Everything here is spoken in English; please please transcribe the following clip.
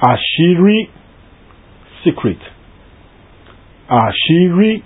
Ashiri secret. Ashiri